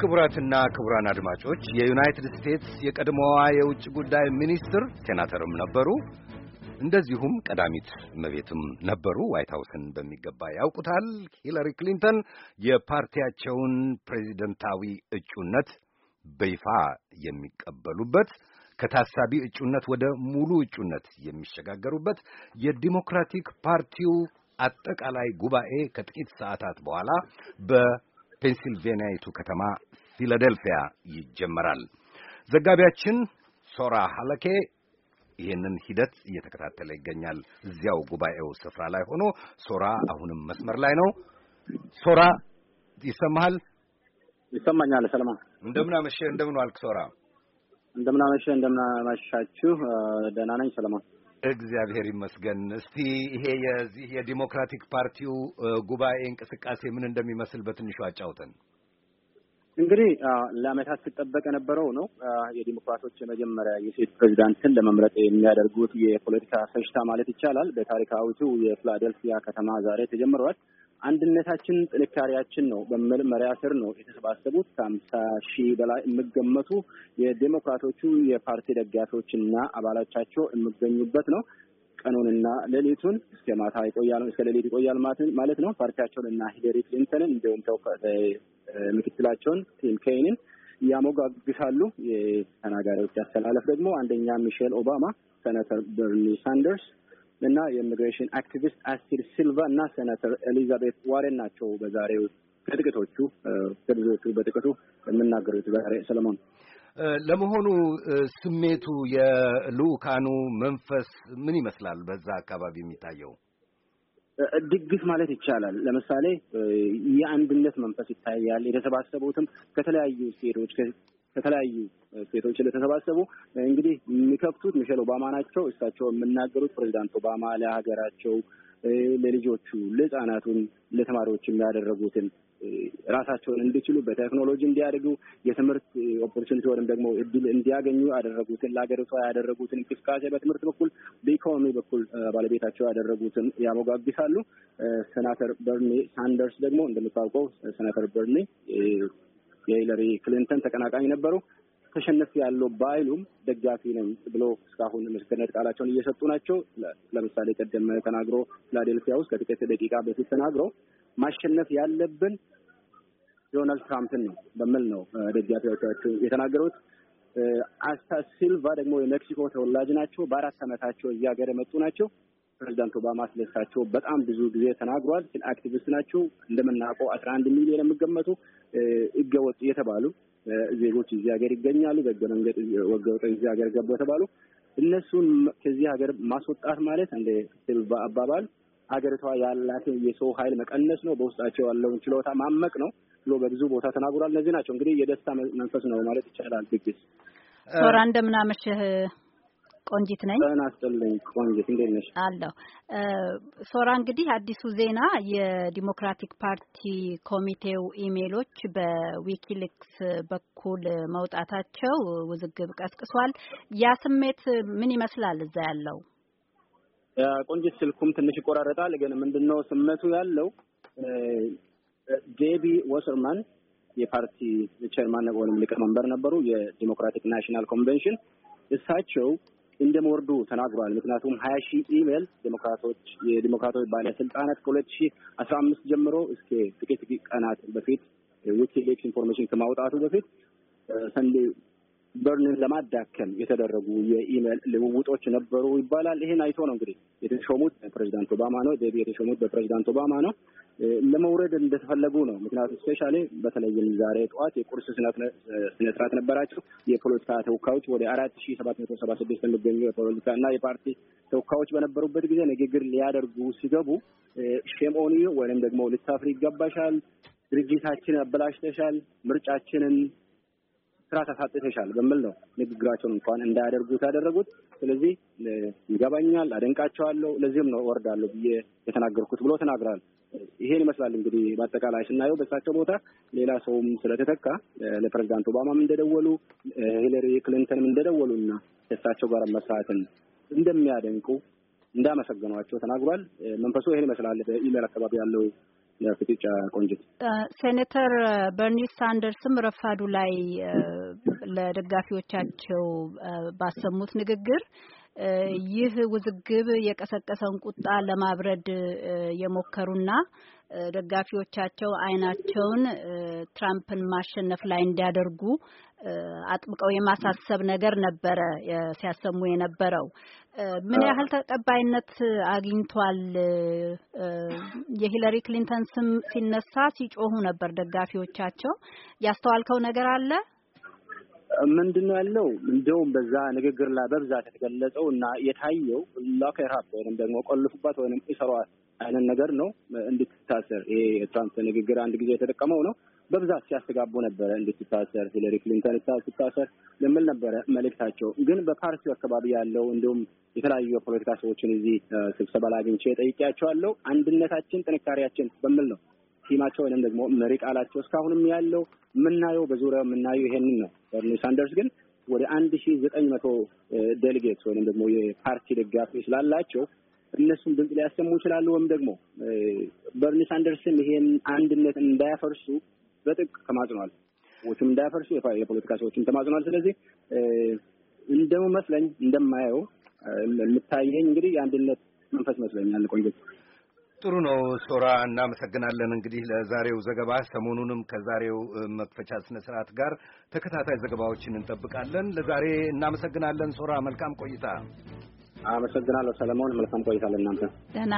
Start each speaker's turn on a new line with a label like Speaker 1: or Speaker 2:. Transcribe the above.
Speaker 1: ክቡራትና ክቡራን አድማጮች የዩናይትድ ስቴትስ የቀድሞዋ የውጭ ጉዳይ ሚኒስትር ሴናተርም ነበሩ፣ እንደዚሁም ቀዳሚት እመቤትም ነበሩ። ዋይት ሀውስን በሚገባ ያውቁታል። ሂለሪ ክሊንተን የፓርቲያቸውን ፕሬዚደንታዊ እጩነት በይፋ የሚቀበሉበት ከታሳቢ እጩነት ወደ ሙሉ እጩነት የሚሸጋገሩበት የዲሞክራቲክ ፓርቲው አጠቃላይ ጉባኤ ከጥቂት ሰዓታት በኋላ በ ፔንሲልቬንያይቱ ከተማ ፊላዴልፊያ ይጀመራል። ዘጋቢያችን ሶራ ሀለኬ ይህንን ሂደት እየተከታተለ ይገኛል። እዚያው ጉባኤው ስፍራ ላይ ሆኖ ሶራ አሁንም መስመር ላይ ነው። ሶራ ይሰማሃል?
Speaker 2: ይሰማኛል ሰለማ
Speaker 1: እንደምን አመሸህ? እንደምን ዋልክ ሶራ?
Speaker 2: እንደምን አመሸህ? እንደምን አመሻችሁ? ደህና ነኝ ሰለሞን።
Speaker 1: እግዚአብሔር ይመስገን። እስቲ ይሄ የዚህ የዲሞክራቲክ ፓርቲው ጉባኤ እንቅስቃሴ ምን እንደሚመስል በትንሹ አጫውተን።
Speaker 2: እንግዲህ ለአመታት ሲጠበቅ የነበረው ነው። የዲሞክራቶች የመጀመሪያ የሴት ፕሬዚዳንትን ለመምረጥ የሚያደርጉት የፖለቲካ ፈሽታ ማለት ይቻላል በታሪካዊቱ የፊላደልፊያ ከተማ ዛሬ ተጀምረዋል። አንድነታችን ጥንካሬያችን ነው በሚል መሪያ ስር ነው የተሰባሰቡት ከሀምሳ ሺህ በላይ የሚገመቱ የዴሞክራቶቹ የፓርቲ ደጋፊዎችና አባላቻቸው የሚገኙበት ነው። ቀኑንና ሌሊቱን እስከ ማታ ይቆያል፣ እስከ ሌሊት ይቆያል ማለት ነው። ፓርቲያቸውንና ሂለሪ ክሊንተንን እንዲሁም ምክትላቸውን ቲም ኬይንን ያሞጋግሳሉ። የተናጋሪዎች ያስተላለፍ ደግሞ አንደኛ ሚሼል ኦባማ፣ ሰነተር በርኒ ሳንደርስ እና የኢሚግሬሽን አክቲቪስት አስቲር ሲልቫ እና ሴናተር ኤሊዛቤት ዋሬን ናቸው በዛሬው በጥቂቶቹ በብዙዎቹ በጥቂቱ የምናገሩት ዛሬ ሰለሞን
Speaker 1: ለመሆኑ ስሜቱ የልኡካኑ መንፈስ ምን ይመስላል? በዛ አካባቢ የሚታየው
Speaker 2: ድግስ ማለት ይቻላል። ለምሳሌ የአንድነት መንፈስ ይታያል። የተሰባሰቡትም ከተለያዩ ስቴዶች ከተለያዩ ስቴቶች እንደተሰባሰቡ እንግዲህ የሚከፍቱት ሚሼል ኦባማ ናቸው። እሳቸው የምናገሩት ፕሬዚዳንት ኦባማ ለሀገራቸው፣ ለልጆቹ፣ ለህጻናቱን፣ ለተማሪዎች የሚያደረጉትን ራሳቸውን እንዲችሉ በቴክኖሎጂ እንዲያድጉ የትምህርት ኦፖርቹኒቲ ወይም ደግሞ እድል እንዲያገኙ ያደረጉትን ለሀገሪቷ ያደረጉትን እንቅስቃሴ በትምህርት በኩል በኢኮኖሚ በኩል ባለቤታቸው ያደረጉትን ያሞጋግሳሉ። ሴናተር በርኒ ሳንደርስ ደግሞ እንደምታውቀው ሴናተር በርኒ የሂለሪ ክሊንተን ተቀናቃኝ ነበሩ። ተሸነፍ ያለው ባይሉም ደጋፊ ነኝ ብሎ እስካሁን ምስክርነት ቃላቸውን እየሰጡ ናቸው። ለምሳሌ ቀደም ተናግሮ ፊላዴልፊያ ውስጥ ከጥቂት ደቂቃ በፊት ተናግሮ ማሸነፍ ያለብን ዶናልድ ትራምፕን ነው በሚል ነው ደጋፊዎቻቸው የተናገሩት። አስታ ሲልቫ ደግሞ የሜክሲኮ ተወላጅ ናቸው። በአራት ዓመታቸው እያገር የመጡ ናቸው። ፕሬዚዳንት ኦባማ ስለሳቸው በጣም ብዙ ጊዜ ተናግሯል። አክቲቪስት ናቸው እንደምናውቀው አስራ አንድ ሚሊዮን የሚገመቱ ህገወጥ የተባሉ ዜጎች እዚህ ሀገር ይገኛሉ። በህገ መንገድ ወገወጠ እዚህ ሀገር ገቡ የተባሉ እነሱን ከዚህ ሀገር ማስወጣት ማለት እንደ ትልባ አባባል ሀገሪቷ ያላትን የሰው ኃይል መቀነስ ነው፣ በውስጣቸው ያለውን ችሎታ ማመቅ ነው ብሎ በብዙ ቦታ ተናግሯል። እነዚህ ናቸው እንግዲህ የደስታ መንፈስ ነው ማለት ይቻላል። ድግስ
Speaker 3: ሶራ እንደምናመሽህ ቆንጂት ነኝ። ናስጥልኝ ቆንጂት፣ እንዴት ነሽ? አለሁ። ሶራ፣ እንግዲህ አዲሱ ዜና የዲሞክራቲክ ፓርቲ ኮሚቴው ኢሜሎች በዊኪሊክስ በኩል መውጣታቸው ውዝግብ ቀስቅሷል። ያ ስሜት ምን ይመስላል እዛ ያለው?
Speaker 2: ቆንጂት፣ ስልኩም ትንሽ ይቆራረጣል። ግን ምንድነው ስሜቱ ያለው ጄቢ ወሰርማን የፓርቲ ቸርማን ወይም ሊቀመንበር ነበሩ፣ የዲሞክራቲክ ናሽናል ኮንቬንሽን እሳቸው እንደመወርዱ ተናግሯል። ምክንያቱም ሀያ ሺህ ኢሜል ዴሞክራቶች የዴሞክራቶች ባለስልጣናት ከሁለት ሺህ አስራ አምስት ጀምሮ እስከ ጥቂት ቀናት በፊት ዊኪሊክስ ኢንፎርሜሽን ከማውጣቱ በፊት ሰንዴ በርንን ለማዳከም የተደረጉ የኢሜል ልውውጦች ነበሩ ይባላል። ይህን አይቶ ነው እንግዲህ የተሾሙት ፕሬዚዳንት ኦባማ ነው ዴቢ የተሾሙት በፕሬዚዳንት ኦባማ ነው። ለመውረድ እንደተፈለጉ ነው። ምክንያቱም ስፔሻሊ በተለይም ዛሬ ጠዋት የቁርስ ስነስርዓት ነበራቸው። የፖለቲካ ተወካዮች ወደ አራት ሺ ሰባት መቶ ሰባ ስድስት የሚገኙ የፖለቲካ እና የፓርቲ ተወካዮች በነበሩበት ጊዜ ንግግር ሊያደርጉ ሲገቡ ሼምኦኒ ወይም ደግሞ ልታፍር ይገባሻል፣ ድርጅታችን አበላሽተሻል፣ ምርጫችንን ስራ ታሳጥተሻል በሚል ነው ንግግራቸውን እንኳን እንዳያደርጉት ያደረጉት። ስለዚህ ይገባኛል፣ አደንቃቸዋለሁ፣ ለዚህም ነው ወርዳለሁ ብዬ የተናገርኩት ብሎ ተናግራል። ይሄን ይመስላል እንግዲህ በአጠቃላይ ስናየው በሳቸው ቦታ ሌላ ሰውም ስለተተካ ለፕሬዚዳንት ኦባማም እንደደወሉ ሂለሪ ክሊንተንም እንደደወሉ እና ከእሳቸው ጋር መስራትን እንደሚያደንቁ እንዳመሰገኗቸው ተናግሯል። መንፈሱ ይሄን ይመስላል። በኢሜል አካባቢ ያለው ለፍጥጫ ቆንጅት
Speaker 3: ሴኔተር በርኒ ሳንደርስም ረፋዱ ላይ ለደጋፊዎቻቸው ባሰሙት ንግግር ይህ ውዝግብ የቀሰቀሰውን ቁጣ ለማብረድ የሞከሩና ደጋፊዎቻቸው አይናቸውን ትራምፕን ማሸነፍ ላይ እንዲያደርጉ አጥብቀው የማሳሰብ ነገር ነበረ ሲያሰሙ የነበረው። ምን ያህል ተቀባይነት አግኝቷል? የሂለሪ ክሊንተን ስም ሲነሳ ሲጮሁ ነበር ደጋፊዎቻቸው። ያስተዋልከው ነገር አለ?
Speaker 2: ምንድን ነው ያለው? እንደውም በዛ ንግግር ላይ በብዛት የተገለጸው እና የታየው ሎክ ወይም ደግሞ ቆልፉባት ወይም ይሰሯዋል አይነት ነገር ነው እንድትታሰር። ይሄ የትራምፕ ንግግር አንድ ጊዜ የተጠቀመው ነው በብዛት ሲያስተጋቡ ነበረ። ሲታሰር ሂለሪ ክሊንተን ሲታሰር የምል ነበረ መልእክታቸው። ግን በፓርቲው አካባቢ ያለው እንዲሁም የተለያዩ የፖለቲካ ሰዎችን እዚህ ስብሰባ ላይ አግኝቼ ጠይቄያቸዋለሁ። አንድነታችን ጥንካሬያችን በምል ነው ቲማቸው ወይም ደግሞ መሪ ቃላቸው እስካሁንም ያለው የምናየው በዙሪያው የምናየው ይሄንን ነው። በርኒ ሳንደርስ ግን ወደ አንድ ሺ ዘጠኝ መቶ ዴሊጌት ወይም ደግሞ የፓርቲ ደጋፊ ስላላቸው እነሱም ድምፅ ሊያሰሙ ይችላሉ። ወይም ደግሞ በርኒ ሳንደርስም ይሄን አንድነት እንዳያፈርሱ በጥብቅ ተማጽኗል። ሰዎችም እንዳያፈርሱ የፖለቲካ ሰዎችም ተማጽኗል። ስለዚህ እንደሚመስለኝ እንደማየው የምታየኝ እንግዲህ የአንድነት መንፈስ መስለኛል። ቆንጆ
Speaker 1: ጥሩ ነው። ሶራ እናመሰግናለን። እንግዲህ ለዛሬው ዘገባ ሰሞኑንም ከዛሬው መክፈቻ ስነ ስርዓት ጋር ተከታታይ ዘገባዎችን እንጠብቃለን። ለዛሬ እናመሰግናለን። ሶራ መልካም ቆይታ።
Speaker 2: አመሰግናለሁ ሰለሞን። መልካም ቆይታ ለእናንተ።
Speaker 3: ደህና